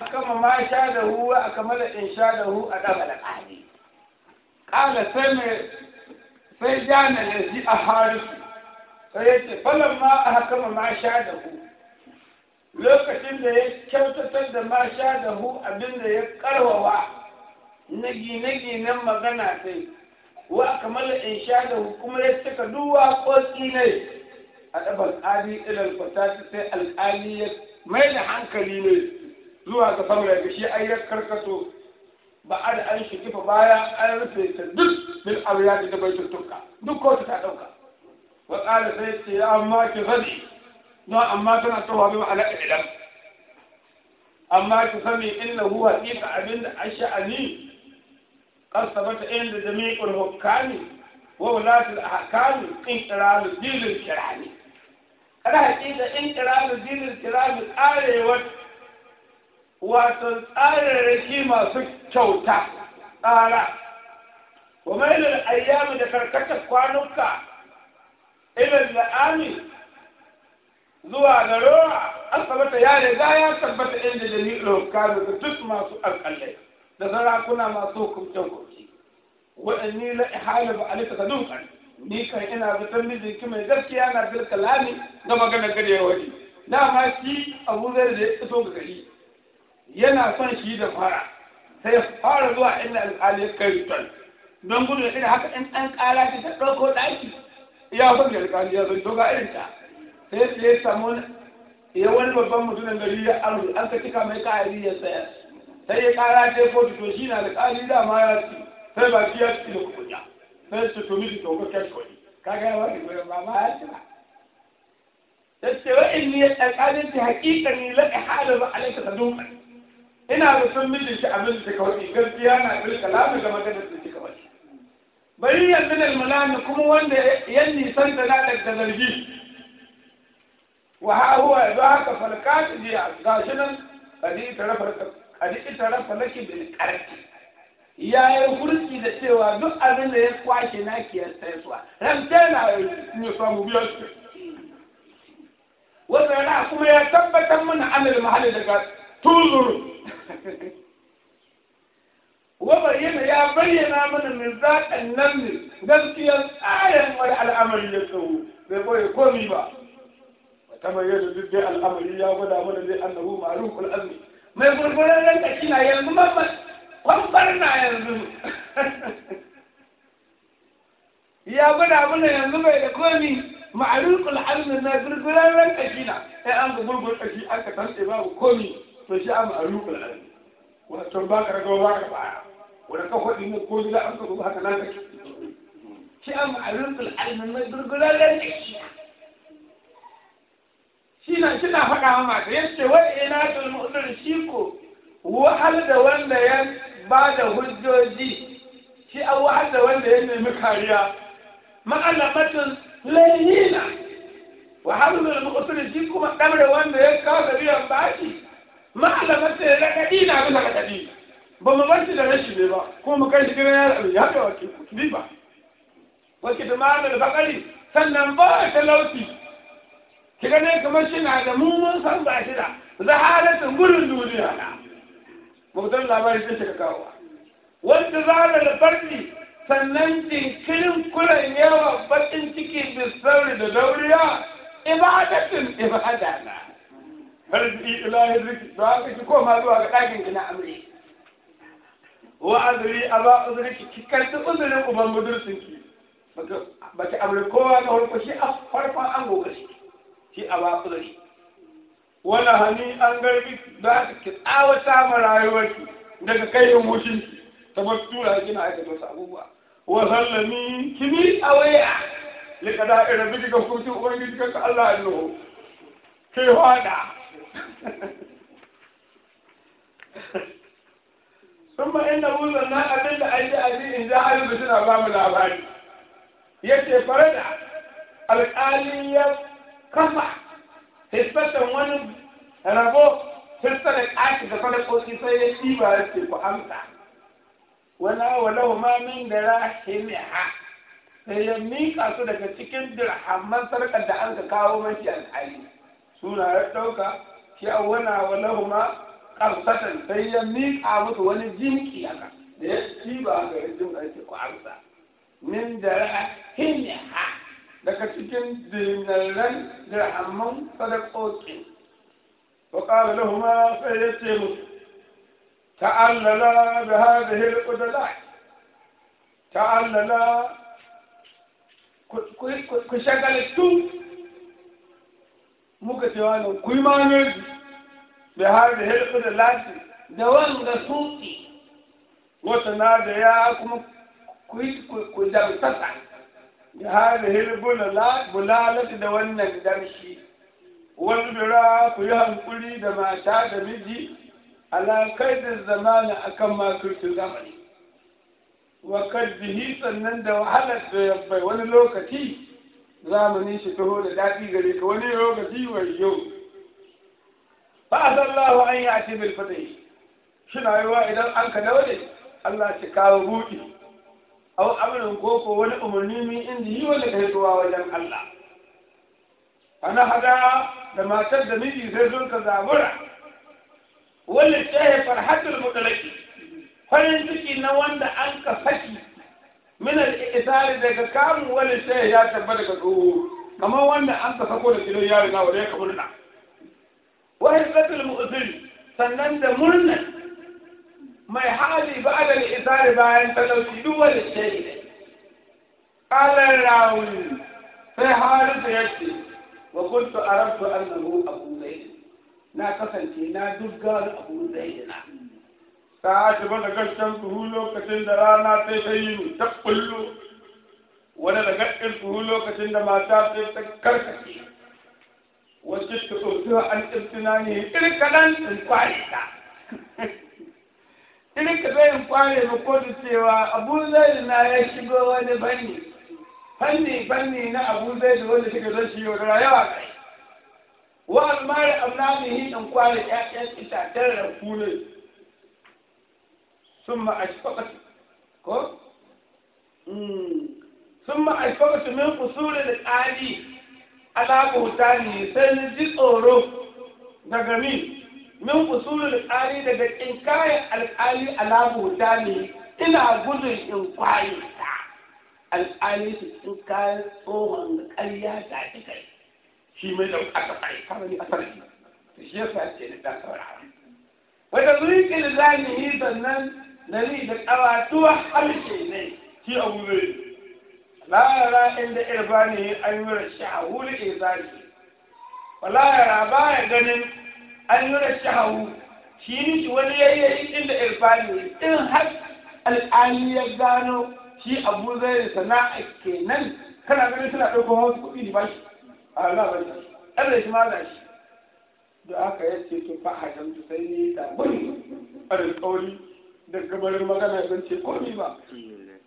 فكما ما شاده أكمل إنشاده أدام الأهلي قال سمع سيدان الذي أحارس فيأتي فلما أحكم ما شاده lokacin da ya kyautatar da ma sha da hu abin da ya karwawa na gine-ginen magana sai wa kamala in sha da hu kuma ya cika duwa ko ne a ɗaban ƙari ilal sai ya mai da hankali ne zuwa ga samurai ga shi an yi karkato ba a da an shigifa baya an rufe ta duk bil awiya da bai tuttuka duk kotu ta dauka wa qala sai ce amma ki fadi no amma tana tawa bi ala ilam amma ki sami innahu haqiqa abinda ash'ani qad sabata inda jami'ul hukami wa walatul ahkami inqiralul dinil kirani kada haqiqa inqiralul dinil kirani arewat wato tsararraki masu kyauta tsara wa mailar ayyami da karkatar kwanuka ilin la'ami zuwa ga roa an tabbata ya riga ya tabbata inda ni roka da duk masu alƙalai da sarakuna masu hukuncin kurki waɗanni na ihalar ba ka ni kan ina fitar mijinki mai gaskiya na bil kalami na magana gare waje dama shi abu zai da ya iso ga gari yana son shi da fara sai fara zuwa inda alƙali ya kai return don gudun irin haka in ɗan ƙara ta ta ɗauko ɗaki ya fi da alƙali ya zai doga irin ta sai su ya samu ya wani babban da gari ya arzu an ka cika mai ƙari ya tsaya sai ya ƙara ta kotu to shi na alƙali da ma ya ci sai ba shi ya ci da kuɗa sai su tumi su togo cash kuɗi kaga ya wani goyon ba ma ya ci ba da ce ni ne alƙalin ta haƙiƙa ne laƙa halar ba alaika ta dunkan ina da sun miji shi abin da kawai gaskiya na bil kalami ga maganar da kika wani bari ya bin al mulani kuma wanda yanni san da da zargi wa ha huwa ya haka falkat ji gashinan kadi tarafa kadi tarafa laki bil qarqi ya yi hurci da cewa duk abin da ya kwashe na ki ya sai suwa ramta na ne samu biyar wata na kuma ya tabbatar mana amal mahalli daga tuzuru wa bayyana ya bayyana mana min zaƙan nan ne gaskiya tsarin wani al'amari ya tsawo bai boye komi ba ta bayyana duk dai al'amari ya gwada mana zai annabu ma'aruf al'azmi mai gurgurar ranka kina yanzu mamman kwamfar na yanzu ya gwada mana yanzu bai da komi ma'aruf al'azmi na gurgurar ranka kina sai an ga gurgurar kashi an ka tantse babu komi فجعل أروق العلم ونتربان رجوع رفع ونتخوض من كل لا أنت الله تنادك شام أروق العلم ما يدرقنا لنا شينا شينا فكا ما يسوي وين هذا المؤذن شيكو وحل دوان ليان بعد هجودي شيء أول دوان ليان مكاريا ما قال ما تلينا وحل المؤذن شيكو ما كمل دوان ليان كافر يوم باشي da nace raɗaɗi na bisa raɗaɗi ba mu bar shi da rashi ne ba ko mu kai shi gidan yar abin ya ga wace kuɗi ba wace da ma'anar bakari sannan ba talauci ki gane kamar shi na da mummun san ba shi da zaharatin gurin duniya na mutum labari sai ka kawo wanda za da farki sannan jinkirin kuren yawa bakin ciki bisarri da dauriya ibadatin ibada na farji ilahi riki da haka ki koma zuwa ga ɗakin ki na amri wa azri aba uzriki ki karɓi uzurin uban budurcin ki baki amri kowa ga farko shi a farkon an goga shi shi aba uzri wani hani an garbi da haka ki tsawata ma rayuwarki daga kai mushin ki ta bar tura kina aikata wasu abubuwa wa sallami kimi a waya li kada ira bi daga kurtin ubangiji kanka Allah annahu kai fada sun ba inda wuzon na abin da ake aji in ja alibu suna ba labari ya ce da alƙali ya kafa hispatan wani rabo hispar da ƙashi da ƙoƙi sai ya ba ya ce ku amsa wala walau ma min da ha sai ya miƙa su daga cikin dirhamman sarƙar da an ka kawo mashi alƙali suna ya ɗauka Kyawuna wana wa lahuma qarsatan sai ya miƙa musu wani jinki haka da ya ci ba ga rijin da yake kwarsa min da hinha daga cikin dinaran dirhamman sadaqoki wa qala lahuma sai ya ce musu ta'allala bi hadhihi al-qudala ta'allala ku ku ku shagalitu muka ce wani ku yi maneji da har da helfu da lati da wanda suki wata na da ya kuma ku jamsata da har da helfu da bulalati da wannan damshi wani bira ku yi hankuri da mata da miji alakai da a akan makircin zamani wakar bihi sannan da wahalar da yabbai wani lokaci zamani shi taho da daɗi gare ka wani yau ga jiwar yau ba a san lahu an yi a ce bil shi na yawa idan an ka daure Allah shi kawo buɗi au amrin koko wani umarni min inda yi wanda ka wajen Allah ana hada da matar da miji sai sun ka zabura wanda ta farhatul mutalaki farin ciki na wanda an ka saki min al daga karin wani sai ya tabbata daga tsoho kamar wanda an ka sako da kilo yaro na wanda ya kamu na wa hisatul sannan da murna mai hali ba a al-ikisari bayan talauci duk wani sai ne qala sai halin da yace wa na kasance na duk gano ta ba da gaskan tuhu lokacin da rana ta ta yi ta kullu wani da gaskan tuhu lokacin da mata ta ta karkace wacce ta tsotuwa an tsirtina ne irin kaɗan in kwari ta irin ka zai in kware ba ko da cewa abu zai na ya shigo wani banni fanni fanni na abu zai da wanda shiga zai shi yau da yawa kai wa almari hin in kware ƴaƴan itacen rafu ne summa ashfaqat ko summa ashfaqat min qusul al-qali ala buhtani sai ni ji tsoro daga min min qusul al-qali daga kinkaya al-qali ala buhtani ina gudun in kwaye ta al-qali in kai tsohon ƙarya da kai shi mai da aka fara kama ni asali shi yasa ce da saurara wata zuri ke da zanihi sannan dalili da karatuwa harshe ne shi a gube lara inda irbani an yi rashi a wuri izari wala yara baya ganin an yi rashi a wuri shi ne shi wani yayyayi inda irbani in har al'ali ya gano shi abu zai sana'a kenan kana ganin suna ɗauko wasu kuɗi ne ba shi a Allah ba shi ɗan da shi ma za shi da aka yace to fa hajjamtu sai ne ta gudu a da daga barin magana ban ce komi ba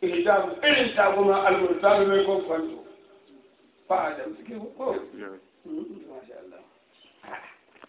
hijab irin ta kuma almurtalu mai kwanto ba adam suke ko